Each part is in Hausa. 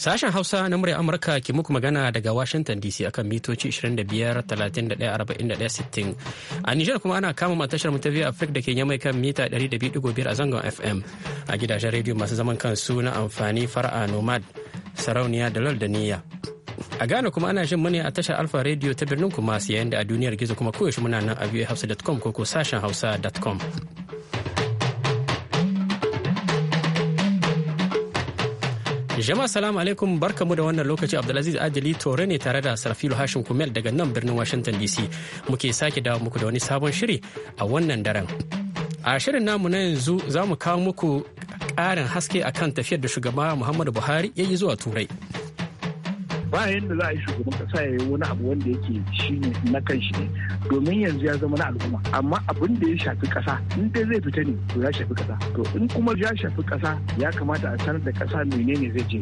Sashen Hausa na murya Amurka ke muku magana daga Washington DC akan mitoci 25 31 41 A Nijar kuma ana kama tashar ta biyu Africa da ke nyamai kan mita 200.5 a zangon FM. A gidajen rediyo masu zaman kansu na amfani fara'a Nomad, Sarauniya da Lal da Niyya. A Ghana kuma ana jin mani a tashar Alfa Radio ta birnin Kumasi yayin da a duniyar gizo kuma koyaushe muna nan a viewhouse.com ko ko sashen hausa.com. Jama'a salamu alaikum barkamu da wannan lokaci Abdulaziz Adili Tore ne tare da Sarfilu Hashim Kumel daga nan birnin Washington DC muke sake dawo muku da wani sabon shiri a wannan daren. A shirin namu na yanzu za mu kawo muku ƙarin haske akan tafiyar da shugaba Muhammadu Buhari ya yi zuwa Turai. ba yadda za a yi shugaban kasa ya yi wani abu wanda yake shi ne na kan shi ne domin yanzu ya zama na al'umma amma abin da ya shafi kasa in dai zai fita ne to ya shafi kasa to in kuma ya shafi kasa ya kamata a sanar da kasa menene zai je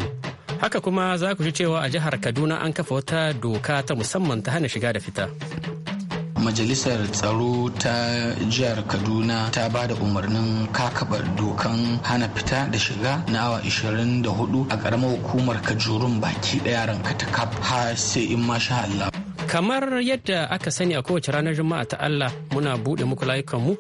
haka kuma za ku ji cewa a jihar kaduna an kafa wata doka ta musamman ta hana shiga da fita majalisar tsaro ta jihar kaduna ta ba da umarnin kakaba dokan hana fita da shiga na awa 24 a karamar hukumar kajurun baki ɗaya ranka ta kap har sai in masha Allah. kamar yadda aka sani a kowace ranar juma'a ta allah muna buɗe muku layukanmu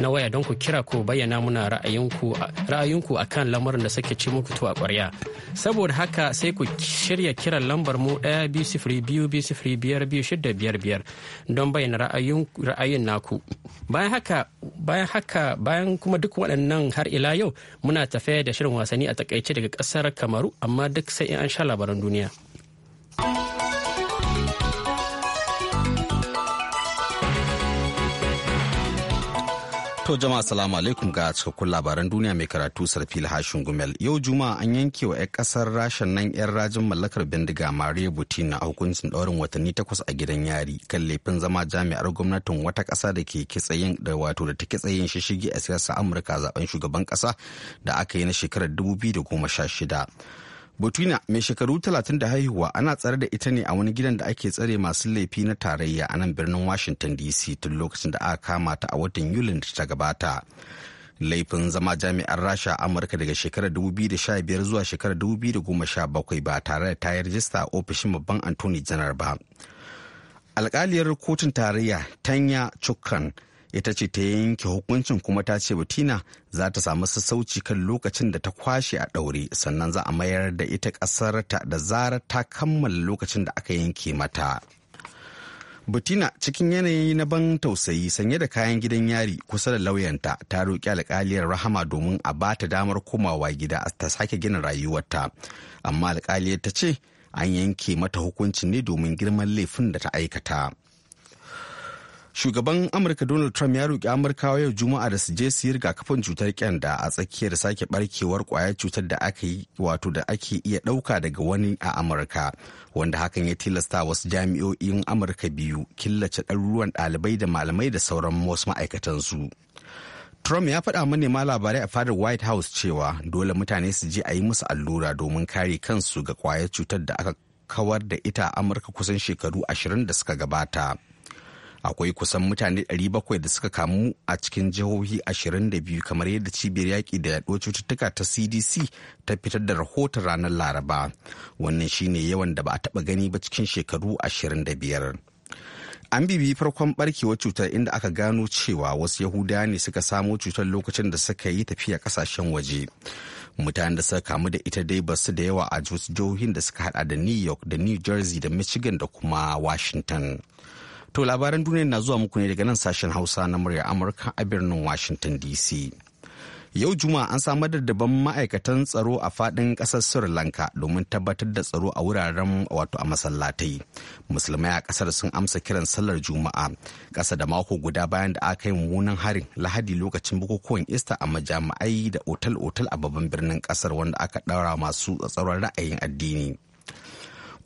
na waya don ku kira ko bayyana muna ra'ayinku a kan lamarin da suke ci muku tuwa ƙwarya saboda haka sai ku shirya kiran lambar mu ɗaya biyu sifiri biyu biyu sifiri biyar biyu shidda biyar biyar don bayyana ra'ayin naku bayan haka bayan haka bayan kuma duk waɗannan har ila yau muna tafe da shirin wasanni a takaice daga ƙasar kamaru amma duk sai in an sha labaran duniya. To jama'a salamu alaikum ga cikakkun labaran duniya mai karatu sarfil hashin gumel. Yau juma'a an yanke wa 'yan kasar rashin nan 'yan rajin mallakar bindiga Maria Butina a hukuncin ɗaurin watanni takwas a gidan yari kan laifin zama jami'ar gwamnatin wata ƙasa da ke kitsayin da wato da ta kitsayin shishigi a siyasar Amurka a zaben shugaban ƙasa da aka yi na shekarar 2016. botina mai shekaru 30 da haihuwa ana tsare da ita ne a wani gidan da ake tsare masu laifi na tarayya a nan birnin Washington DC tun lokacin da aka kama ta a watan Yulin da ta gabata. Laifin zama jami'ar Rasha a Amurka daga shekarar 2015 zuwa shekarar 2017 ba tare da ta yi rajista a ofishin babban Anthony Janar ba. Alkaliyar kotun tarayya Tanya Chukkan ita ce ta yanke hukuncin kuma ta ce Butina za ta samu sassauci kan lokacin da ta kwashe a ɗaure sannan za a mayar da ita ƙasarta da zarar ta kammala lokacin da aka yanke mata Butina cikin yanayi na ban tausayi sanye da kayan gidan yari kusa da lauyanta ta roƙi alƙaliyar rahama domin a ba ta damar komawa gida ta sake gina rayuwarta. Amma alƙaliyar ta ce an yanke mata hukuncin ne domin girman laifin da ta aikata. shugaban amurka donald trump ya roƙi Amurka yau juma'a da su je su yi rigakafin cutar kyanda a tsakiyar sake barkewar kwayar cutar da aka yi wato da ake iya ɗauka daga wani a amurka wanda hakan ya tilasta wasu jami'o'in amurka biyu killace ɗaruruwan ɗalibai da malamai da sauran wasu ma'aikatansu trump ya faɗa manema labarai a fadar white house cewa dole mutane su je a yi musu allura domin kare kansu ga kwayar cutar da aka kawar da ita a amurka kusan shekaru ashirin da suka gabata akwai kusan mutane 700 da suka kamu a cikin jihohi 22 kamar yadda cibiyar yaƙi da yaɗuwar cututtuka ta cdc ta fitar da rahoton ranar laraba wannan shine yawan da ba a taɓa gani ba cikin shekaru 25 an bibi farkon barkewar cutar inda aka gano cewa wasu yahudawa ne suka samo cutar lokacin da suka yi tafiya kasashen waje mutanen da suka kamu da ita dai basu da yawa a jihohin da suka hada da new york da new jersey da michigan da kuma washington To labaran duniya na zuwa muku ne daga nan sashen Hausa na murya Amurka a birnin Washington DC. Yau Juma'a an samar da daban ma'aikatan tsaro a faɗin ƙasar Sri Lanka domin tabbatar da tsaro a wuraren wato a masallatai. Musulmai a ƙasar sun amsa kiran sallar Juma'a ƙasa da mako guda bayan da aka yi mummunan harin Lahadi lokacin bukukuwan Ista a majami'ai da otal-otal a babban birnin ƙasar wanda aka daura masu tsatsauran ra'ayin addini.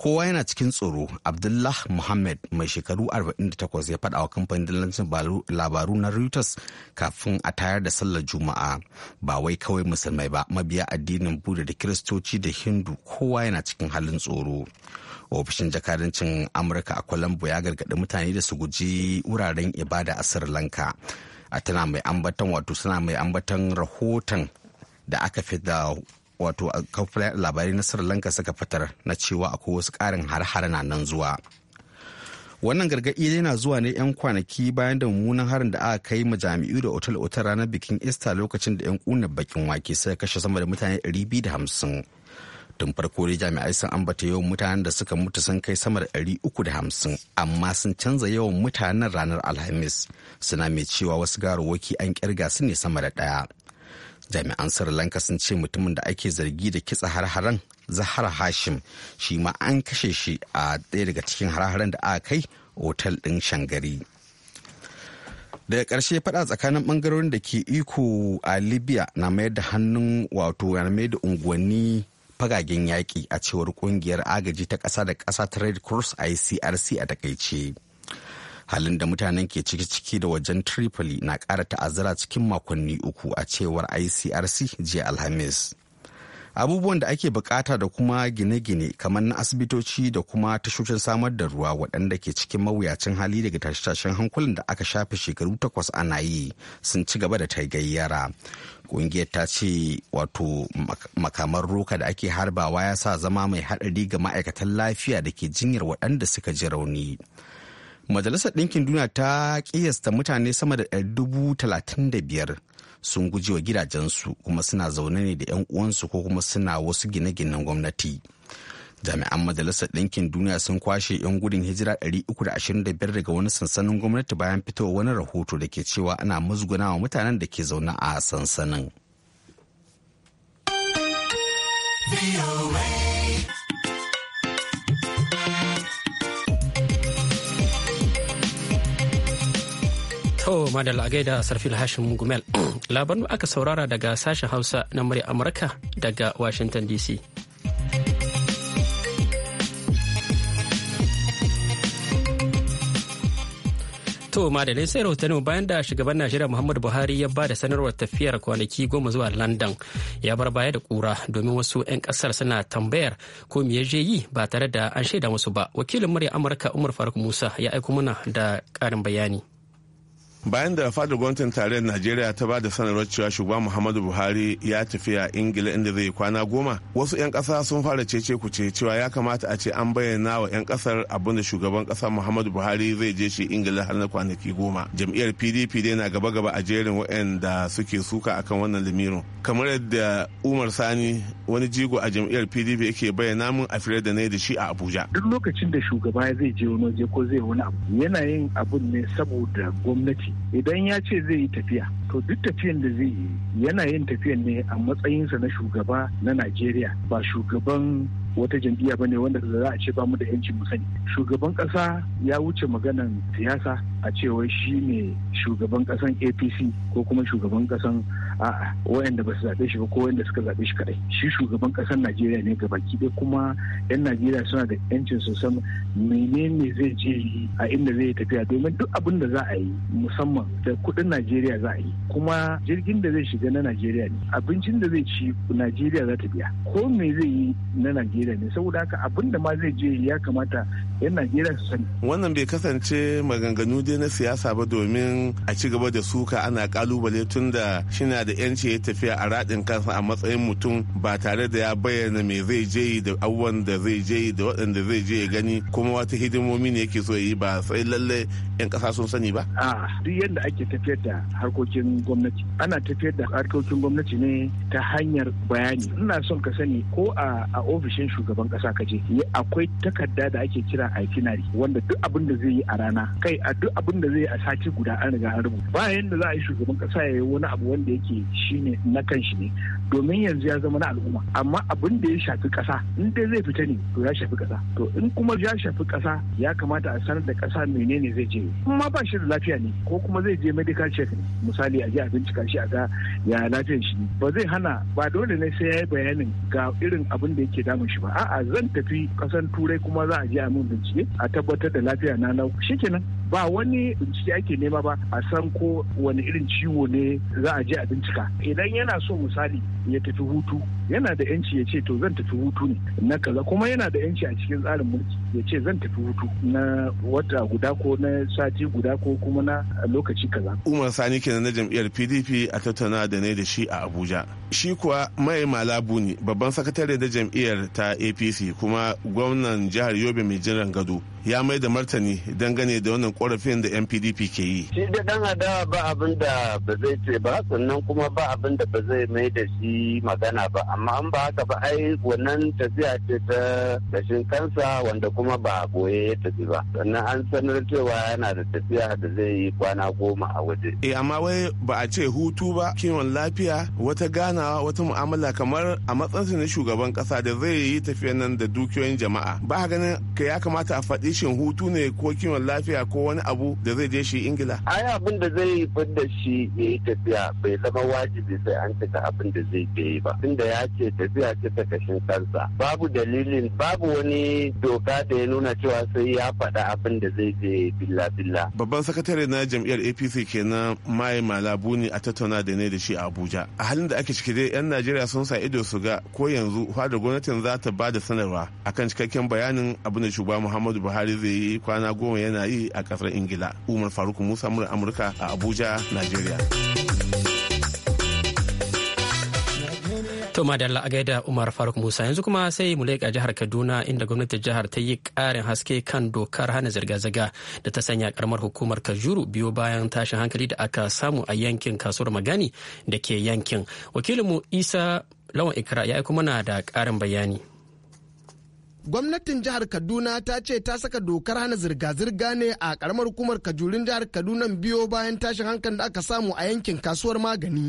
kowa yana cikin tsoro abdullah muhammad mai shekaru 48 ya faɗa wa kamfanin dillancin labaru na reuters kafin a tayar da sallar juma'a ba wai kawai musulmai ba mabiya addinin buda da kiristoci da hindu kowa yana cikin halin tsoro ofishin jakadancin amurka a colombo ya gargaɗi mutane da su guji wuraren ibada a sri lanka a tana mai ambaton wato suna mai ambaton rahoton da aka fi da wato kafin labarai na sri lanka suka fitar na cewa akwai wasu ƙarin har na nan zuwa wannan gargaɗi yana zuwa ne 'yan kwanaki bayan da mummunan harin da aka kai ma jami'u da otal-otal ranar bikin easter lokacin da 'yan ƙunar bakin wake suka kashe sama da mutane 250 tun farko dai jami'ai sun ambata yawan mutanen da suka mutu sun kai sama da 350 amma sun canza yawan mutanen ranar alhamis suna mai cewa wasu garuwaki an kirga su ne sama da ɗaya jami'an sri lanka sun ce mutumin da ake zargi da kitsa har-haren zahara hashim shi ma an kashe shi a ɗaya daga cikin har da aka kai otal ɗin shangari daga ƙarshe fada tsakanin bangarorin da ke iko a libya na mayar da hannun wato na mayar da unguwanni fagagen yaƙi a cewar ƙungiyar agaji ta ƙasa da ƙasa ta red cross icrc a takaice. halin da mutanen ke ciki-ciki da wajen tripoli na kara ta'azzara cikin makonni uku a cewar icrc jiya alhamis abubuwan da ake bukata da kuma gine-gine kamar na asibitoci da kuma tashoshin samar da ruwa waɗanda ke cikin mawuyacin hali daga tashe-tashen hankulan da aka shafe shekaru takwas ana yi sun ci gaba da tagayyara ƙungiyar ta ce wato makamar roka da ake harbawa ya sa zama mai haɗari ga ma'aikatan lafiya da ke jinyar waɗanda suka ji rauni majalisar ɗinkin duniya ta ƙiyasta mutane sama da dubu talatin da biyar sun guje wa gidajensu kuma suna zaune ne da 'yan uwansu ko kuma suna wasu gine-ginen gwamnati jami'an majalisar ɗinkin duniya sun kwashe 'yan gudun hijira 325 daga wani sansanin gwamnati bayan fitowa wani rahoto da ke cewa ana wa mutanen da ke zaune a sansanin. To madalla gaida sarfil hashin gumel labarin aka saurara daga sashen hausa na murya amurka daga washington dc To madalai sai rahotanni bayan da shugaban Najeriya Muhammadu Buhari ya ba da sanarwar tafiyar kwanaki goma zuwa London ya bar baya da kura domin wasu 'yan kasar suna tambayar ko me ya je yi ba tare da an shaida musu ba. Wakilin murya Amurka Umar Faruk Musa ya aiko mana da ƙarin bayani. bayan da fadar gwamnatin tarayyar najeriya ta ba da sanarwar cewa shugaba muhammadu buhari ya tafi a ingila inda zai kwana goma wasu 'yan kasa sun fara cece kuce cewa ya kamata a ce an bayyana wa 'yan kasar abin da shugaban kasa muhammadu buhari zai je shi ingila har na kwanaki goma jam'iyyar pdp dai na gaba gaba a jerin waɗanda suke suka akan wannan lamirin kamar yadda umar sani wani jigo a jam'iyyar pdp yake bayyana min a fira da na da shi a abuja duk lokacin da shugaba zai je wani waje ko zai wani abu yana yin abun ne saboda gwamnati idan ya ce zai yi tafiya to duk tafiyan da zai yi yana yin tafiyan ne a matsayinsa na shugaba na najeriya ba shugaban wata jam'iyya bane wanda za a ce ba mu da 'yancin mus'ani. shugaban kasa ya wuce maganan siyasa a cewa shi ne shugaban kasan apc ko kuma shugaban kasan a'a wayanda ba su zaɓe shi ba ko wanda suka zabe shi kadai shi shugaban kasan najeriya ne gabaki ɗaya kuma yan najeriya suna da yancin su san menene zai je a inda zai tafiya domin duk abin da za a yi musamman da kuɗin najeriya za a yi kuma jirgin da zai shiga na najeriya ne abincin da zai ci najeriya za ta biya ko me zai yi na najeriya ne saboda haka abin da ma zai je ya kamata yan najeriya su sani wannan bai kasance maganganu dai na siyasa ba domin a ci gaba da suka ana kalubale tun da na da yanci ya tafiya a radin kansa a matsayin mutum ba tare da ya bayyana me zai je yi da abubuwan da zai je da waɗanda zai je ya gani kuma wata hidimomi ne yake so yi ba sai lalle yan ƙasa sun sani ba. a duk yadda ake tafiyar da harkokin gwamnati ana tafiyar da harkokin gwamnati ne ta hanyar bayani ina son ka sani ko a ofishin shugaban kasa ka je akwai takarda da ake kira itinerary wanda duk abin da zai yi a rana kai a duk abin da zai yi a sati guda an riga an rubuta bayan da za a yi shugaban kasa ya yi wani abu wanda yake shine na kan shi ne domin yanzu ya zama na al'umma amma abin da ya shafi kasa in dai zai fita ne to ya shafi kasa to in kuma ya shafi kasa ya kamata a sanar da ƙasa menene zai je kuma ba shi da lafiya ne ko kuma zai je medical check ne misali a je a bincika shi a ga ya lafiyar shi ba zai hana ba dole ne sai ya yi bayanin ga irin abin da yake damun shi ba a'a zan tafi kasan turai kuma za a je a min bincike a tabbatar da lafiya na na shikenan ba wani bincike ake nema ba a san ko wani irin ciwo ne za a je a bincika idan yana so misali ya tafi hutu yana da yanci ya ce to zan tafi hutu ne na kaza kuma yana da yanci a cikin tsarin mulki ya ce zan tafi hutu na wata guda ko na sati guda ko kuma na lokaci kaza umar sani kenan na jam'iyyar pdp a tattauna da ne da shi a abuja shi kuwa mai malabu ne babban sakatare da jam'iyyar ta apc kuma gwamnan jihar yobe mai jiran gado ya mai da martani dangane da wannan korafin da mpdp ke yi shi da dan adawa ba abin da ba zai ce ba sannan kuma ba abin da ba zai mai da shi magana ba amma an ba haka ba ai wannan tafiya ce ta gashin kansa wanda kuma ba goye ya tafi ba sannan an sanar cewa yana da tafiya da zai yi kwana goma a waje eh amma wai ba a ce hutu ba kiwon lafiya wata ganawa wata mu'amala kamar a matsayinsa shugaban kasa da zai yi tafiyan nan da dukiyoyin jama'a ba ganin ka ya kamata a faɗi rishin hutu ne ko kiwon lafiya ko wani abu da zai je shi ingila ai abin da zai yi da shi ya yi tafiya bai zama wajibi sai an cika abin da zai yi ba tunda ya ce tafiya ce ta kashin kansa babu dalilin babu wani doka da ya nuna cewa sai ya faɗa abin da zai je billa billa babban sakatare na jam'iyyar apc kenan mai malabu ne a tattauna da ne da shi a abuja a halin da ake ciki dai yan najeriya sun sa ido su ga ko yanzu fadar gwamnatin za ta ba da sanarwa akan cikakken bayanin abin da shugaba muhammadu buhari buhari zai yi kwana goma yana yi a kasar ingila umar faruk musa mura amurka a abuja nigeria To madalla a gaida Umar Faruk Musa yanzu kuma sai mu leƙa jihar Kaduna inda gwamnatin jihar ta yi ƙarin haske kan dokar hana zirga-zirga da ta sanya karamar hukumar Kajuru biyo bayan tashin hankali da aka samu a yankin kasuwar Magani da ke yankin. Wakilinmu Isa Lawan Ikra ya aiko mana da ƙarin bayani. gwamnatin jihar kaduna ta ce ta saka dokar hana zirga-zirga ne a karamar hukumar kajurin jihar kaduna biyo bayan tashin hankalin da aka samu a yankin kasuwar magani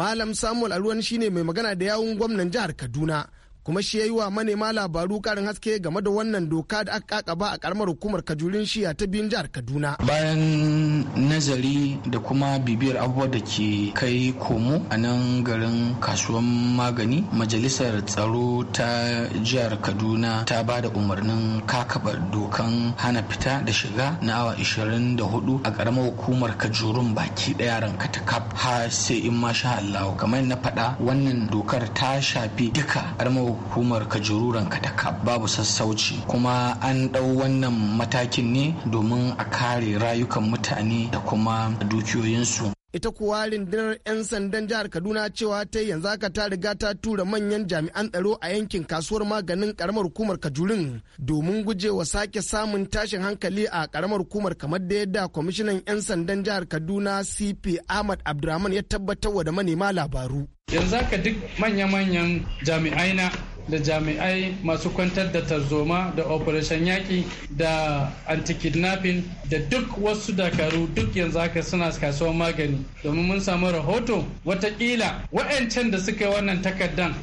malam samuel aruwan shine mai magana da yawun gwamnan jihar kaduna kuma shi ya yi wa manema labaru karin haske game da wannan doka da aka ba a karamar hukumar kajurin shiya ta biyun jihar kaduna bayan nazari da kuma bibiyar abubuwa da ke kai komo a nan garin kasuwan magani majalisar tsaro ta jihar kaduna ta ba da umarnin kakaba dokan hana fita da shiga na awa 24 a karamar hukumar kajurun baki daya ranka ta kaf har sai in masha allahu kamar na faɗa wannan dokar ta shafi duka karamar hukumar kajururan kataka babu sassauci kuma an ɗau wannan matakin ne domin a kare rayukan mutane da kuma dukiyoyinsu ita kuwa rundunar 'yan sandan jihar kaduna cewa ta yanzu haka ta riga ta tura manyan jami'an tsaro a yankin kasuwar maganin karamar hukumar kajulin domin gujewa sake samun tashin hankali a karamar hukumar kamar da yadda kwamishinan 'yan sandan jihar kaduna cp ahmad abdurrahman ya tabbatar wa da manema labaru yanzu haka duk manya-manyan jami'ai na da jami'ai masu kwantar da tarzoma da operation yaƙi da anti-kidnapping da duk wasu dakaru duk yanzu haka suna kasuwar magani domin mun samu rahoto watakila wa'ancan da suka yi wannan takardan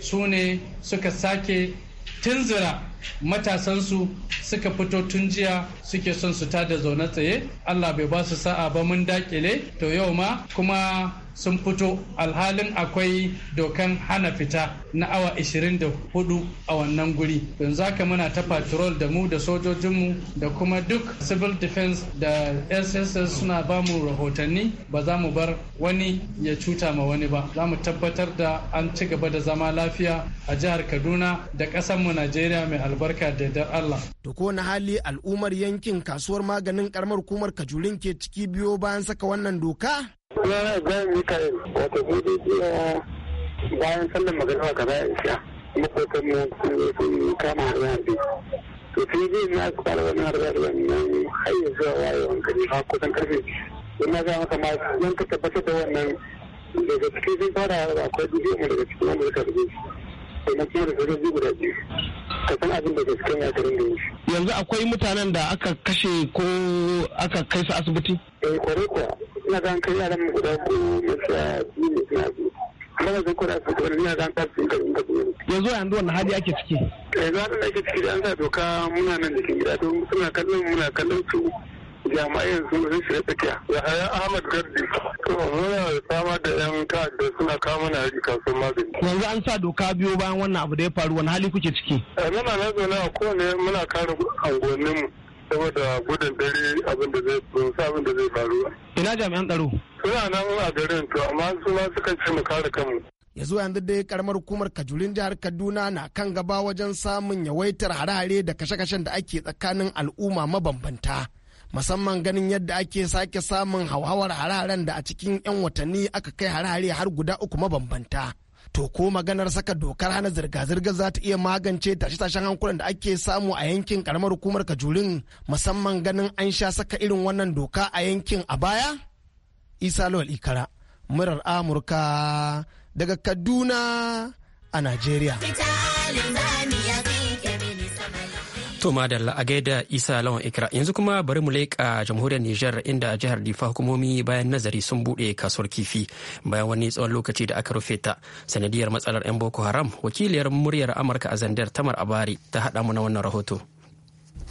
su ne suka sake tunzura matasansu suka fito tun jiya suke son su tada zaune tsaye allah bai ba su sa'a ba mun dakile to yau ma kuma sun fito alhalin akwai dokan hana fita na awa 24 a wannan guri yanzu haka muna ta patrol da mu da sojojinmu da kuma duk civil defense da sss suna ba mu rahotanni ba za mu bar wani ya cuta ma wani ba za mu tabbatar da an ci gaba da zama lafiya a jihar kaduna da mu najeriya mai albarka da dar allah to ko na hali al'ummar yankin kasuwar maganin karamar kumar kajurin ke ciki biyo bayan saka wannan doka Suna Ibrahim Mikael wato gudu jiya bayan sallar magana ka bayan isha makotan mu sun yi kama harbi. To sai zai na su kala wani wannan gari kusan karfe. Don na gama kama don ka tabbatar da wannan daga cikin sun fara akwai dubu mu daga cikin wanda shi. ka san da garin da yanzu akwai mutanen da aka kashe ko aka kai su asibiti eh kore kuwa ina zan kai yaran mu guda ko biyu ne suna biyu kuma zan yanzu yanzu wannan hali ake ciki eh, yanzu hali ake ciki da an sa doka muna nan da ke gida don suna kallon muna kallon su jama'in sun sun shiga tsakiya yahaya ahmad gardi to muna fama da yan ta'adda suna kama na hari kasuwar magani yanzu an sa doka biyo bayan wannan abu da ya faru wani hali kuke ciki muna na zaune a kowane muna kare angoninmu saboda gudun dare abin da zai abin da zai faru ina jami'an tsaro suna nan a garin to amma su ma suka ce mu kare kanmu ya zuwa yanzu dai karamar hukumar kajurin jihar kaduna na kan gaba wajen samun yawaitar hare-hare da kashe-kashen da ake tsakanin al'umma mabambanta musamman ganin yadda ake sake samun hauhawar hararen da a cikin 'yan watanni aka kai harare har guda uku mabambanta. To ko maganar saka dokar hana zirga-zirga za ta iya magance tashe-tashen hankulan da ake samu a yankin karamar hukumar Kajurin musamman ganin an sha saka irin wannan doka a yankin a baya? Isa Lawal Ikara, murar Amurka daga Kaduna a Najeriya. To madalla a gaida Isa Lawan Ikra yanzu kuma bari mu leƙa jamhuriyar Nijar inda jihar Difa hukumomi bayan nazari sun bude kasuwar kifi bayan wani tsawon lokaci da aka rufe ta sanadiyar matsalar 'yan Boko Haram wakiliyar muryar Amurka a Zandar Tamar Abari ta haɗa mu na wannan rahoto.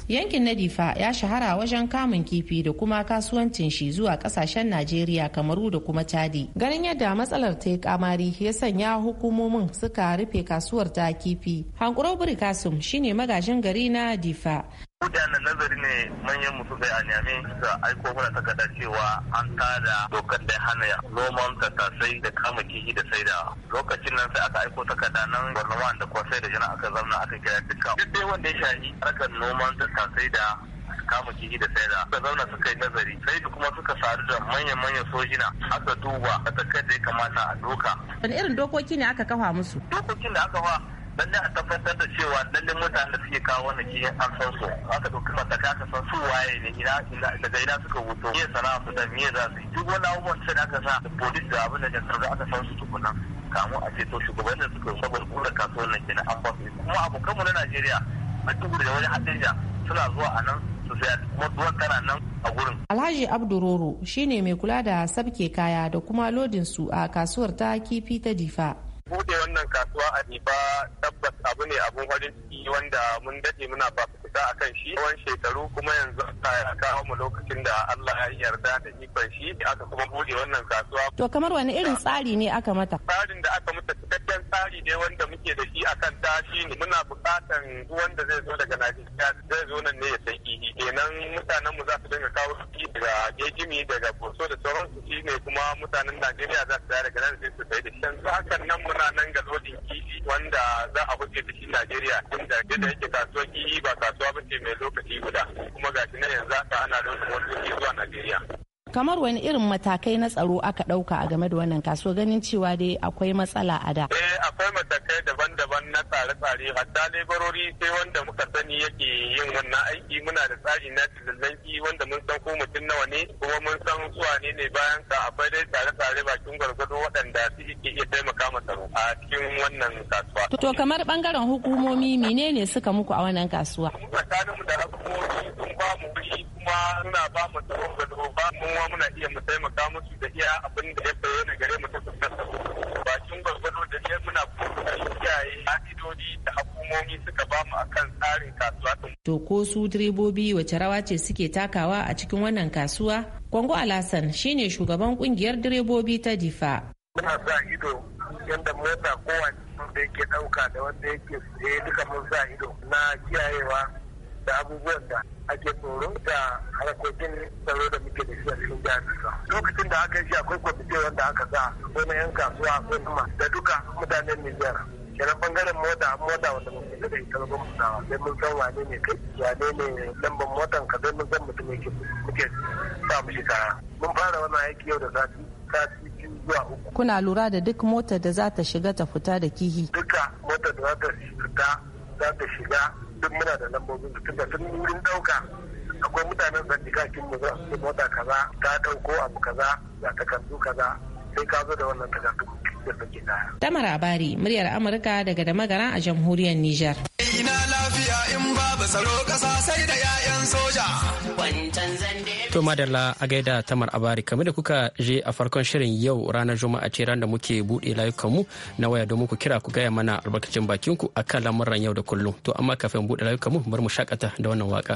yankin na difa ya shahara wajen kamun kifi da kuma kasuwancin shi zuwa kasashen najeriya kamaru da kuma chadi ganin yadda matsalar ta yi kamari ya sanya hukumomin suka rufe kasuwar ta kifi hankuro burikasum shine magajin gari na difa gudanar nazari ne manyan mutu bai a neme da aiko mana takarda cewa an tada dokar da hana ya. noman tattasai da kama kiji da saida lokacin nan sai aka aiko takarda nan gwamnati da kwasai da jana aka zauna aka kira duka duk dai wanda ya shahi harkar noman tattasai da kama kiji da saida suka zauna suka yi nazari sai da kuma suka sadu da manyan-manyan sojina aka duba a takarda ya kamata a doka wani irin dokoki ne aka kafa musu dokokin da aka kafa lalle a tabbatar da cewa lalle mutanen da suke kawo wani ji an san su aka ɗauki mataka aka san su waye ne ina daga ina suka wuto me sana'a su da me za su yi duk wani abubuwan sai aka sa da da abin da jansar da aka san su tukunna kamu a ceto shugaban da suka saboda kula nan kenan an fasu kuma kuma abokanmu na Najeriya a duk da wani hadija suna zuwa a nan su sai kuma duwan tana nan a gurin. Alhaji Abduroro shine mai kula da sabke kaya da kuma lodin su a kasuwar ta kifi ta Difa. Buɗe wannan kasuwa a Niba tabbas abu ne abun farin ciki wanda mun daɗe muna fafutuka yarda a kan shi tsawon shekaru kuma yanzu aka kawo mu lokacin da Allah ya yarda da ikon shi aka kuma buɗe wannan kasuwa. To kamar wani irin tsari ne aka mata? Tsarin da aka mata cikakken tsari ne wanda muke da shi akan ta shi ne muna buƙatan wanda zai zo daga Najeriya zai zo nan ne ya sai kihi kenan mutanen mu za su dinga kawo shi daga Gejimi daga Boso da sauransu shi ne kuma mutanen Najeriya za su daga nan sai su sai da shi. Yanzu hakan nan muna nan ga lodin kihi wanda za a wuce da shi Najeriya inda yake kasuwar kihi ba kasuwar kasuwa bace mai lokaci guda kuma ga shi na yanzu da ana nuna ke zuwa Najeriya. kamar wani irin matakai na tsaro aka ɗauka a game da wannan kasuwa ganin cewa dai akwai matsala a da. Eh akwai matakai daban-daban na tsare-tsare hatta lebarori sai wanda muka sani yake yin wannan aiki muna da tsari na tilallanki wanda mun san ko mutum nawa ne kuma mun san zuwa ne ne bayan ka akwai dai tsare-tsare bakin gwargwado waɗanda su ke iya taimaka ma a cikin wannan kasuwa. To kamar bangaren hukumomi menene suka muku a wannan kasuwa? Tsakaninmu da hukumomi sun ba mu wuri kuma ba mu tsaro ga ba mu ma muna iya mu taimaka musu da iya abin da ya na gare mu ta ba bakin gwargwado da ne muna kuma kiyaye ka'idodi da hukumomi suka ba mu akan tsarin kasuwa. To ko su direbobi wace rawa ce suke takawa a cikin wannan kasuwa? Kwango Alasan shine shugaban kungiyar direbobi ta Difa. Muna sa ido yadda mota kowa da yake dauka da wanda yake duka mun sa ido na kiyayewa da abubuwan da ake tsoro da harkokin tsaro da muke da shi a cikin jihar Lokacin da aka yi shi akwai kwamitin wanda aka sa ko na 'yan kasuwa ko na da duka mutanen Nijar. kenan bangaren mota mota wanda mun fita da ita ga mun sai mun san wane ne kai wane ne lambar motan ka sai mun san mutum yake muke sa shi kaya mun fara wannan aiki yau da sati sati uku kuna lura da duk motar da za ta shiga ta fita da kihi duka motar da za ta fita za ta shiga duk muna da lambobin su tunda sun wurin ɗauka akwai mutanen zanjikakin mu za mota kaza ta dauko abu kaza da takardu kaza sai ka zo da wannan takardu da suke kaya. Tamar Abari, muryar Amurka daga da a jamhuriyar niger. ina lafiya in babu tsaro ƙasa sai da 'ya'yan soja. To madalla a gaida tamar abari kamu da kuka je a farkon shirin yau ranar juma'a ce ran da muke buɗe layukanmu na waya domin ku kira ku gaya mana albarkacin bakinku akan lamuran yau da kullum to amma kafin buɗe layukanmu bar mu shakata da wannan waka.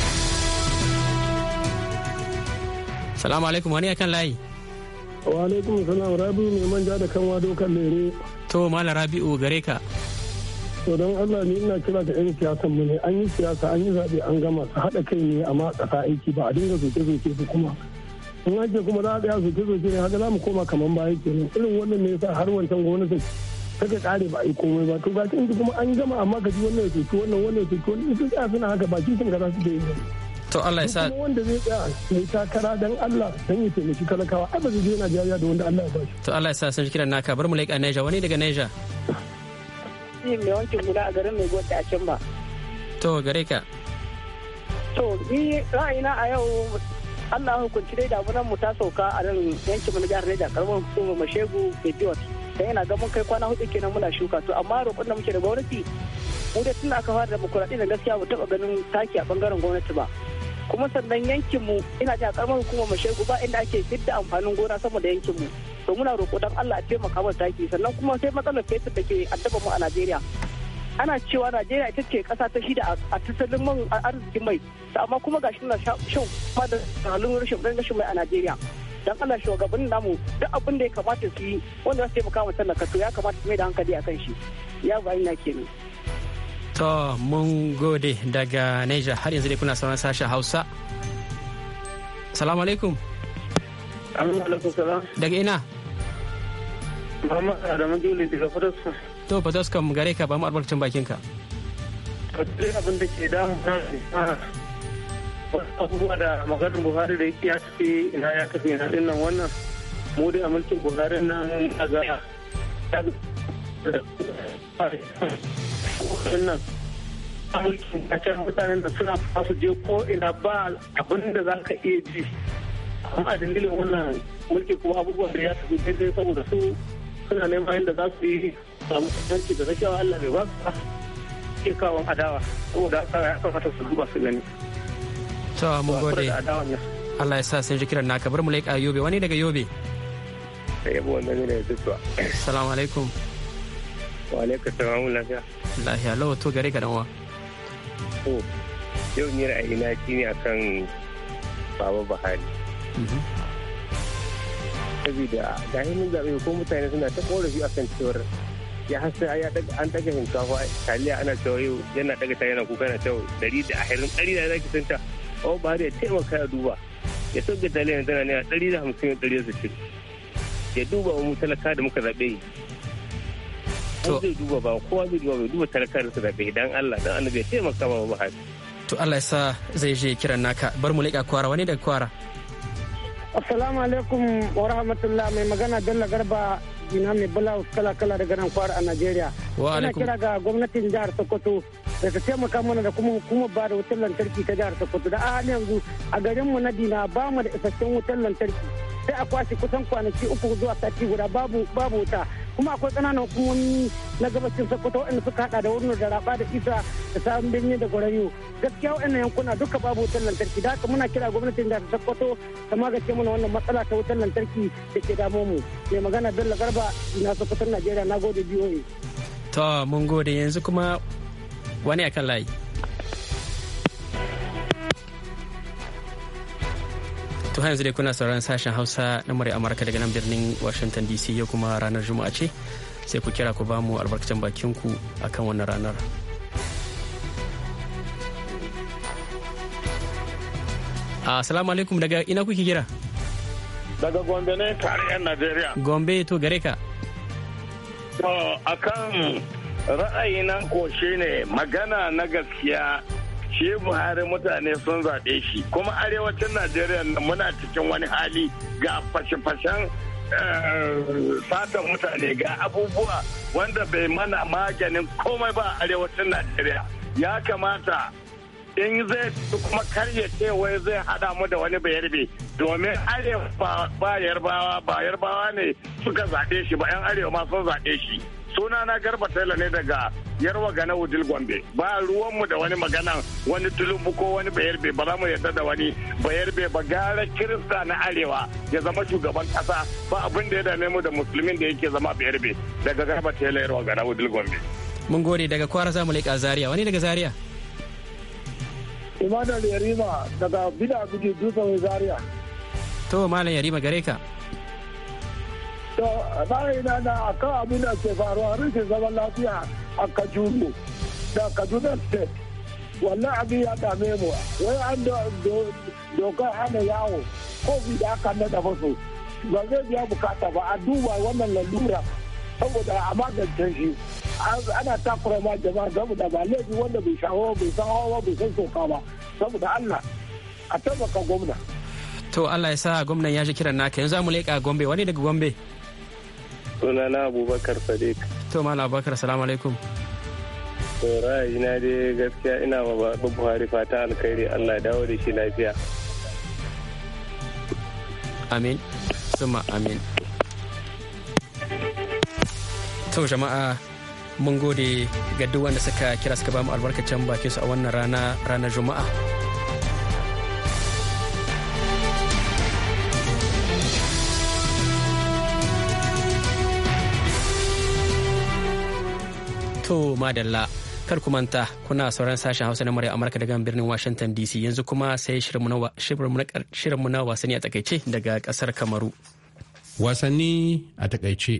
salamu alaikum wani akan layi wa alaikum salam rabi'u man manja da kanwa dokan lere to mala rabi'u gare ka to don allah ni ina kira da 'yan siyasan mu ne an yi siyasa an yi zaɓe an gama su haɗa kai ne amma ƙasa aiki ba a dinga zoke-zoke su kuma in ake kuma za a ɗaya zoke-zoke ne haka za mu koma kamar baya kenan irin wannan ne yasa har wancan gwamnatin kaka ƙare ba yi komai ba to ga kuma an gama amma ka ji wannan ya wannan wannan ya wannan ita suna haka ka za su suke yi to Allah ya sa wanda zai tsaya mai takara dan Allah dan ya taimaki talakawa ai ba zai je Najeriya da wanda Allah ya bashi to Allah ya sa sun kiran naka bar mu laika Niger wani daga Niger ni mai wankin guda a garin mai gota a can ba to gare ka to ni ra'ayina a yau Allah ya hukunci dai damunan mu ta sauka a nan yankin mu na jihar Niger karamar hukumar Mashegu Idiot dan yana ga mun kai kwana hudu kenan muna shuka to amma roƙon da muke da gwamnati mu da tun aka fara da demokuraɗiyya gaskiya mu taɓa ganin taki a ɓangaren gwamnati ba kuma sannan yankin mu ina ji a karamar hukumar mu shegu ba inda ake fidda amfanin gona sama da yankin mu to muna roƙo dan Allah a taimaka mu taki sannan kuma sai matsalar fetur da ke addaba mu a Najeriya ana cewa Najeriya ita ce kasa ta shida a tattalin man arzikin mai amma kuma gashi na shan kuma da halin rashin rashin mai a Najeriya dan Allah shugabannin namu duk abin da ya kamata su yi wanda za su taimaka wa talaka to ya kamata su mai da hankali akan shi ya bayyana kenan To mun gode daga Niger har yanzu dai kuna sauran sashen Hausa. Salamu alaikum. alaikum salam. Daga ina? Muhammad Adamu Juli daga Fataskun. To Fataskun gare ka ba mu albarkacin bakin ka. Tattalin abin da ke damu na abubuwa da maganin Buhari da yake ya tafi ina ya kafi ina din nan wannan mu dai a mulkin Buhari nan a ga kokarin nan mulkin kasar mutanen da suna fasu je ko ina ba abin da za ka iya ji amma a dalilin wannan mulki kuma abubuwan da ya tafi daidai saboda su suna neman yadda za su yi samu kusanci da rashawa Allah bai ba ke kawon adawa saboda haka ya kamata su duba su gani. To gode. Allah ya sa sun ji kiran naka bar mu laika Yobe wani daga Yobe. Sai yabo eh, wannan ne da alaikum. wa ka salamu lafiya lafiya lawa to gare ka dan wa to yau ni ra'ayina shine akan baba buhari mhm. saboda ga hinin zaɓe ko mutane suna ta korafi akan cewar ya hasa ya an daga shinkafa taliya ana cewa yau yana daga ta yana kuka na cewa dari da ahirin dari da zaki san ta. ba bahari ya taimaka ya duba ya sauke taliya na tana naira dari da hamsin da dari da sittin ya duba mu talaka da muka zaɓe ko zai duba ba kowa zai duba bai duba talakar su da bai dan Allah dan Allah bai taimaka ba ba to Allah ya sa zai je kiran naka bar mu leka kwara wani da kwara assalamu alaikum wa rahmatullah mai magana dalla Garba ina mai bala kala kala daga nan kwara a Najeriya wa alaikum ina kira ga gwamnatin jihar Sokoto daga taimaka mana da kuma hukumar ba da wutar lantarki ta jihar Sokoto da a yanzu a garin mu na Dina ba mu da isasshen wutar lantarki sai a kwashe kusan kwanaki uku zuwa sati guda babu babu wuta kuma akwai ƙananan hukumomi na gabashin Sokoto waɗanda suka hada da wurin da raba da isa da sabon birni da gwarayo gaskiya waɗannan yankuna duka babu wutar lantarki da haka muna kira gwamnatin jihar Sokoto ta magance mana wannan matsala ta wutar lantarki da ke damu mu mai magana Bello Garba na Sokoto Najeriya na gode biyoyi. ta mun gode yanzu kuma wani akan layi to yanzu dai kuna sauran sashen hausa na murya amurka daga nan birnin washington dc yau kuma ranar juma'a ce sai ku kira ku bamu albarkacin bakin ku akan wannan ranar assalamu alaikum daga ina kuke kira daga gombe ne tarayyar najeriya gombe to gare ka to akan ra'ayina ko ne magana na gaskiya shi buhari mutane sun zaɓe shi kuma arewacin najeriya muna cikin wani hali ga fashe-fashen eh, satan mutane ga abubuwa wanda bai mana maganin komai ba arewacin najeriya ya kamata in zai kuma karya cewa zai hada mu da wani bayarbe domin arewa ba yarbawa ba yarbawa ne suka zaɓe shi ba 'yan arewa ma sun zaɓe shi suna na garba tela ne daga yarwa gana wudil gombe ba ruwanmu da wani magana wani tulumbu ko wani bayarbe ba za mu yarda da wani bayarbe ba gara kirista na arewa ya zama shugaban kasa ba abin da ya dame mu da musulmin da yake zama bayarbe daga garba tela yarwa gana wudil gombe mun gode daga kwara zamu leƙa zaria wani daga zaria Imanar Yarima daga Bila Bidi Dutsen Zaria. To Malam Yarima gare ka. to ra'ayina na akan abin da ke faruwa rufe zaman lafiya a kajuru da Kaduna state wannan abin ya dame mu wai an doka hana yawo ko bi da aka nada so ba zai biya bukata ba a duba wannan lalura saboda a magance shi ana takura ma jama'a saboda ba laifi wanda bai shawo bai san hawa bai san soka ba saboda Allah a taimaka gwamna. To Allah ya sa gwamnan ya shi kiran naka yanzu za mu leƙa Gombe wani daga Gombe. sunana abubakar sadiq to mala abubakar salamu alaikum to ra'ayina dai gaskiya ina ma babu buhari fata alkhairi allah dawo da shi lafiya amin suma amin to jama'a mun gode ga duk wanda suka kira suka bamu albarkacin su a wannan rana ranar juma'a To madalla kar ku manta kuna sauran sashen Hausa na murya Amurka daga birnin Washington DC yanzu kuma sai shirinmu na wasanni a takaice daga kasar Kamaru. Wasanni a takaice.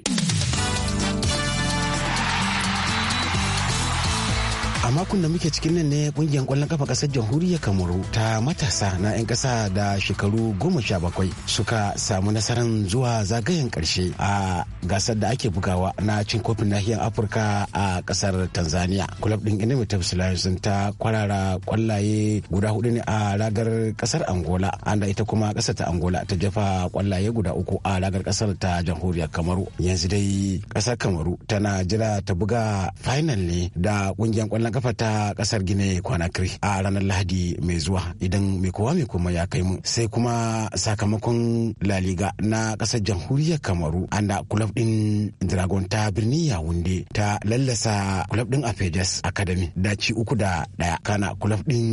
a makon da muke cikin nan ne kungiyar kwallon kafa kasar jamhuriyar kamaru ta matasa na 'yan kasa da shekaru goma sha bakwai suka samu nasarar zuwa zagayen karshe a gasar da ake bugawa na cin kofin nahiyar afirka a kasar tanzania kulab din inami ta sun ta kwarara kwallaye guda hudu ne a ragar kasar angola anda ita kuma kasar ta angola ta jefa kwallaye guda uku a ragar kasar ta jamhuriyar kamaru yanzu dai kasar kamaru tana jira ta buga final ne da kungiyar kwallon kafa ta kasar gine kwanakri a ranar lahadi mai zuwa idan mai kowa mai kuma ya kai mu sai kuma sakamakon laliga na kasar jamhuriyar kamaru da kulab din dragon ta birni yahunde ta lallasa kulab din apejas academy da ci uku da daya kana kulab din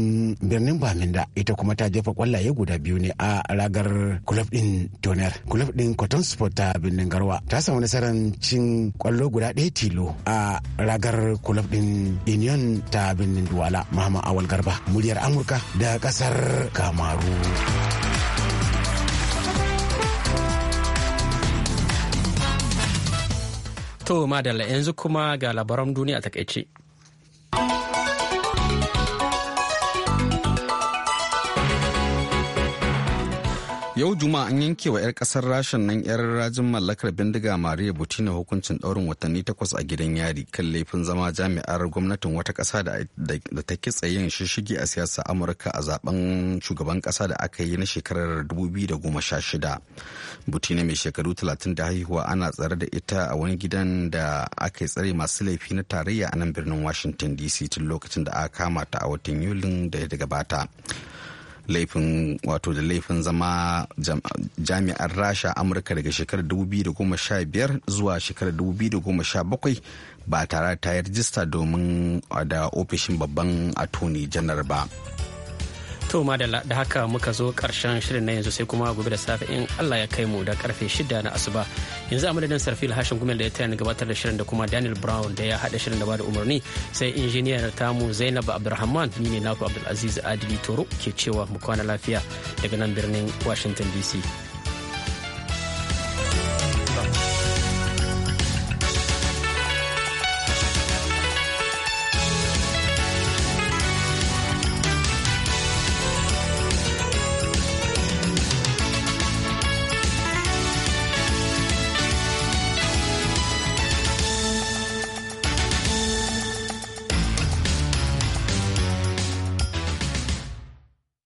birnin baminda ita kuma ta jefa kwallaye guda biyu ne a ragar kulab din toner kulab din cotton sport ta birnin garwa ta samu nasarar cin kwallo guda ɗaya tilo a ragar kulab din union nan ta birnin Duwala Mama Awal Garba muryar Amurka da kasar Kamaru. To madalla yanzu kuma ga labaran duniya takaice. Yau Juma'a an yanke wa 'yar kasar Rasha nan 'yar rajin mallakar bindiga Maria Butina hukuncin daurin watanni takwas a gidan yari kan laifin zama jami'ar gwamnatin wata kasa da ta kitsa yin shishigi a siyasar Amurka a zaben shugaban ƙasa da aka yi na shekarar 2016. Butina mai shekaru 30 da haihuwa ana tsare da ita a wani gidan da aka yi tsare masu laifi na tarayya a nan birnin Washington DC tun lokacin da aka kama ta a watan Yulin da ya gabata. laifin wato da laifin zama jami'ar rasha amurka daga shekarar 2015 zuwa shekarar 2017 ba tare ta yi rajista domin da ofishin babban attorney janar ba. To madalla da haka muka zo ƙarshen shirin na yanzu sai kuma gobe da safe in Allah ya kai mu da karfe shida na asuba. Yanzu a madadin sarfi Hashim Gumel da ya tayar gabatar da shirin da kuma Daniel Brown da ya haɗa shirin da bada umarni sai injiniyar tamu Zainab Abdulrahman ni ne naku Abdulaziz Adili Toro ke cewa mu kwana lafiya daga nan birnin Washington DC.